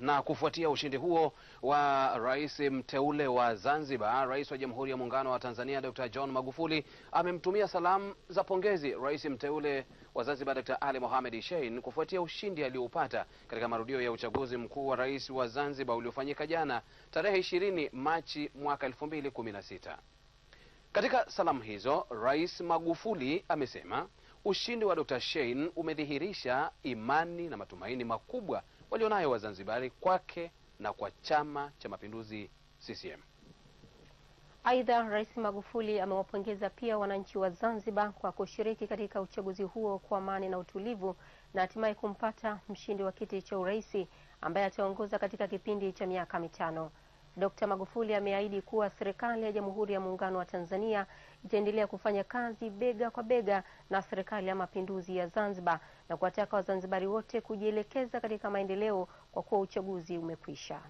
Na kufuatia ushindi huo wa rais mteule wa Zanzibar, rais wa Jamhuri ya Muungano wa Tanzania Dr. John Magufuli amemtumia salamu za pongezi rais mteule wa Zanzibar Dr. Ali Mohamed Shein kufuatia ushindi aliyoupata katika marudio ya uchaguzi mkuu wa rais wa Zanzibar uliofanyika jana tarehe 20 Machi mwaka 2016. Katika salamu hizo, Rais Magufuli amesema Ushindi wa Dr. Shein umedhihirisha imani na matumaini makubwa walionayo Wazanzibari kwake na kwa Chama cha Mapinduzi CCM. Aidha, Rais Magufuli amewapongeza pia wananchi wa Zanzibar kwa kushiriki katika uchaguzi huo kwa amani na utulivu na hatimaye kumpata mshindi wa kiti cha urais ambaye ataongoza katika kipindi cha miaka mitano. Dkt. Magufuli ameahidi kuwa serikali ya Jamhuri ya Muungano wa Tanzania itaendelea kufanya kazi bega kwa bega na serikali ya Mapinduzi ya Zanzibar na kuwataka Wazanzibari wote kujielekeza katika maendeleo kwa kuwa uchaguzi umekwisha.